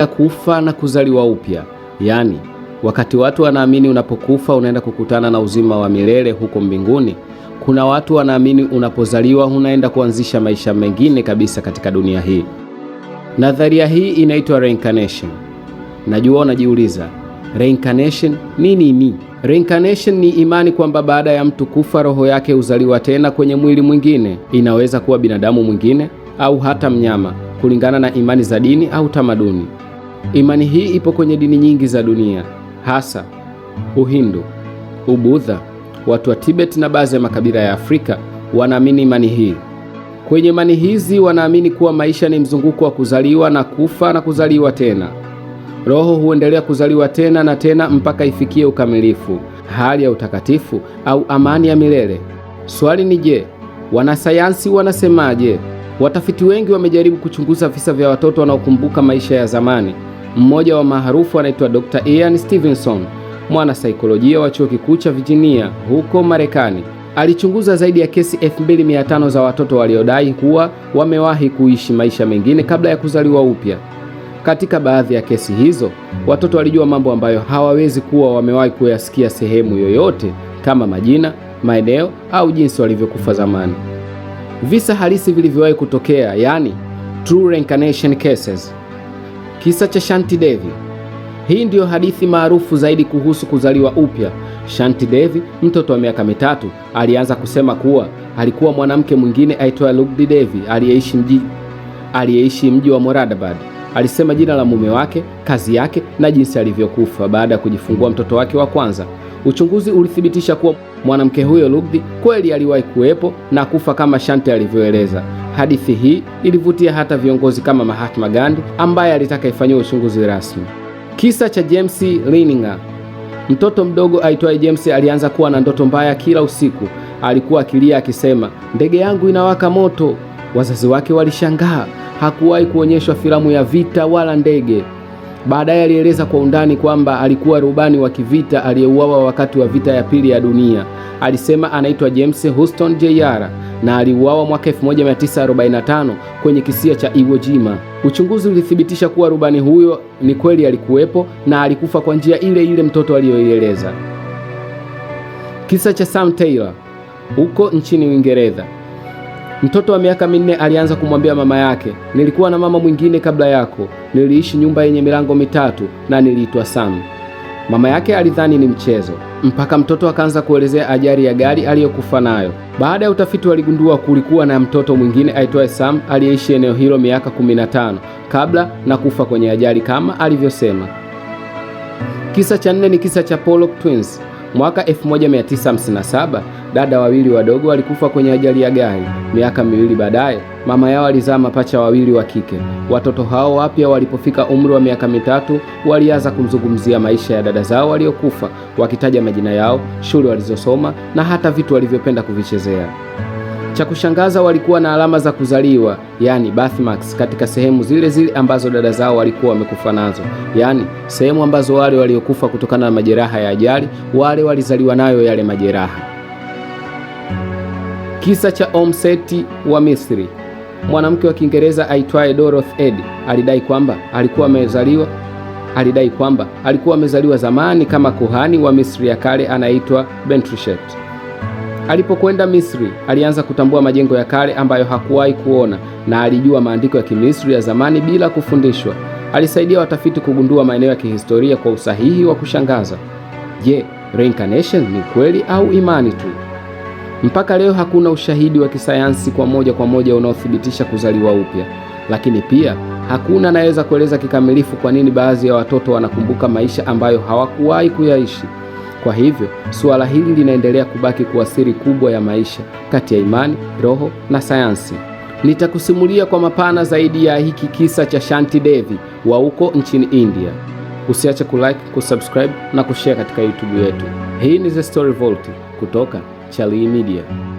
ya kufa na kuzaliwa upya, yaani wakati watu wanaamini unapokufa unaenda kukutana na uzima wa milele huko mbinguni, kuna watu wanaamini unapozaliwa unaenda kuanzisha maisha mengine kabisa katika dunia hii. Nadharia hii inaitwa reincarnation. Najua unajiuliza reincarnation ni nini? Reincarnation ni imani kwamba baada ya mtu kufa roho yake huzaliwa tena kwenye mwili mwingine. Inaweza kuwa binadamu mwingine au hata mnyama, kulingana na imani za dini au tamaduni. Imani hii ipo kwenye dini nyingi za dunia, hasa Uhindu, Ubudha. Watu wa Tibet na baadhi ya makabila ya Afrika wanaamini imani hii. Kwenye imani hizi wanaamini kuwa maisha ni mzunguko wa kuzaliwa na kufa na kuzaliwa tena. Roho huendelea kuzaliwa tena na tena mpaka ifikie ukamilifu, hali ya utakatifu au amani ya milele. Swali ni je, wanasayansi wanasemaje? Watafiti wengi wamejaribu kuchunguza visa vya watoto wanaokumbuka maisha ya zamani. Mmoja wa maarufu anaitwa Dr. Ian Stevenson, mwana saikolojia wa chuo kikuu cha Virginia huko Marekani. Alichunguza zaidi ya kesi 2500 za watoto waliodai kuwa wamewahi kuishi maisha mengine kabla ya kuzaliwa upya. Katika baadhi ya kesi hizo, watoto walijua mambo ambayo hawawezi kuwa wamewahi kuyasikia sehemu yoyote, kama majina, maeneo au jinsi walivyokufa zamani visa halisi vilivyowahi kutokea, yaani true reincarnation cases. Kisa cha Shanti Devi. Hii ndiyo hadithi maarufu zaidi kuhusu kuzaliwa upya. Shanti Devi, mtoto wa miaka mitatu, alianza kusema kuwa alikuwa mwanamke mwingine aitwaye Lugdi Devi aliyeishi mji aliyeishi mji wa Moradabad. Alisema jina la mume wake, kazi yake na jinsi alivyokufa baada ya kujifungua mtoto wake wa kwanza. Uchunguzi ulithibitisha kuwa mwanamke huyo Lugdhi kweli aliwahi kuwepo na kufa kama Shante alivyoeleza. Hadithi hii ilivutia hata viongozi kama Mahatma Gandhi ambaye alitaka ifanyiwe uchunguzi rasmi. Kisa cha James Lininger. Mtoto mdogo aitwaye James alianza kuwa na ndoto mbaya kila usiku. Alikuwa akilia akisema, ndege yangu inawaka moto. Wazazi wake walishangaa hakuwahi kuonyeshwa filamu ya vita wala ndege. Baadaye alieleza kwa undani kwamba alikuwa rubani wa kivita aliyeuawa wakati wa vita ya pili ya dunia. Alisema anaitwa James Houston Jr na aliuawa mwaka 1945 kwenye kisia cha Iwo Jima. Uchunguzi ulithibitisha kuwa rubani huyo ni kweli alikuwepo na alikufa kwa njia ile ile mtoto aliyoieleza. Kisa cha Sam Taylor huko nchini Uingereza. Mtoto wa miaka minne alianza kumwambia mama yake, nilikuwa na mama mwingine kabla yako, niliishi nyumba yenye milango mitatu na niliitwa Sam. Mama yake alidhani ni mchezo mpaka mtoto akaanza kuelezea ajali ya gari aliyokufa nayo. Baada ya utafiti, waligundua kulikuwa na mtoto mwingine aitwaye Sam aliyeishi eneo hilo miaka 15 kabla na kufa kwenye ajali kama alivyosema. Kisa cha nne ni kisa cha Pollock Twins. Mwaka 1957 Dada wawili wadogo walikufa kwenye ajali ya gari. Miaka miwili baadaye, mama yao alizaa mapacha wawili wa kike. Watoto hao wapya walipofika umri wa miaka mitatu, walianza kumzungumzia maisha ya dada zao waliokufa, wakitaja majina yao, shule walizosoma na hata vitu walivyopenda kuvichezea. Cha kushangaza walikuwa na alama za kuzaliwa, yani birthmarks, katika sehemu zile zile ambazo dada zao walikuwa wamekufa nazo, yani sehemu ambazo wale waliokufa kutokana na majeraha ya ajali, wale walizaliwa nayo yale majeraha. Kisa cha Omseti wa Misri. Mwanamke wa Kiingereza aitwaye Dorothy Eddy alidai kwamba alikuwa amezaliwa alidai kwamba alikuwa amezaliwa zamani kama kuhani wa Misri ya kale anaitwa Bentrishet. Alipokwenda Misri, alianza kutambua majengo ya kale ambayo hakuwahi kuona na alijua maandiko ya Kimisri ya zamani bila kufundishwa. Alisaidia watafiti kugundua maeneo ya kihistoria kwa usahihi wa kushangaza. Je, reincarnation ni kweli au imani tu? Mpaka leo hakuna ushahidi wa kisayansi kwa moja kwa moja unaothibitisha kuzaliwa upya, lakini pia hakuna anayeweza kueleza kikamilifu kwa nini baadhi ya watoto wanakumbuka maisha ambayo hawakuwahi kuyaishi. Kwa hivyo suala hili linaendelea kubaki kuwa siri kubwa ya maisha kati ya imani, roho na sayansi. Nitakusimulia kwa mapana zaidi ya hiki kisa cha Shanti Devi wa huko nchini India. Usiache kulike, kusubscribe na kushare katika YouTube yetu. Hii ni The Story Vault kutoka Celly Media.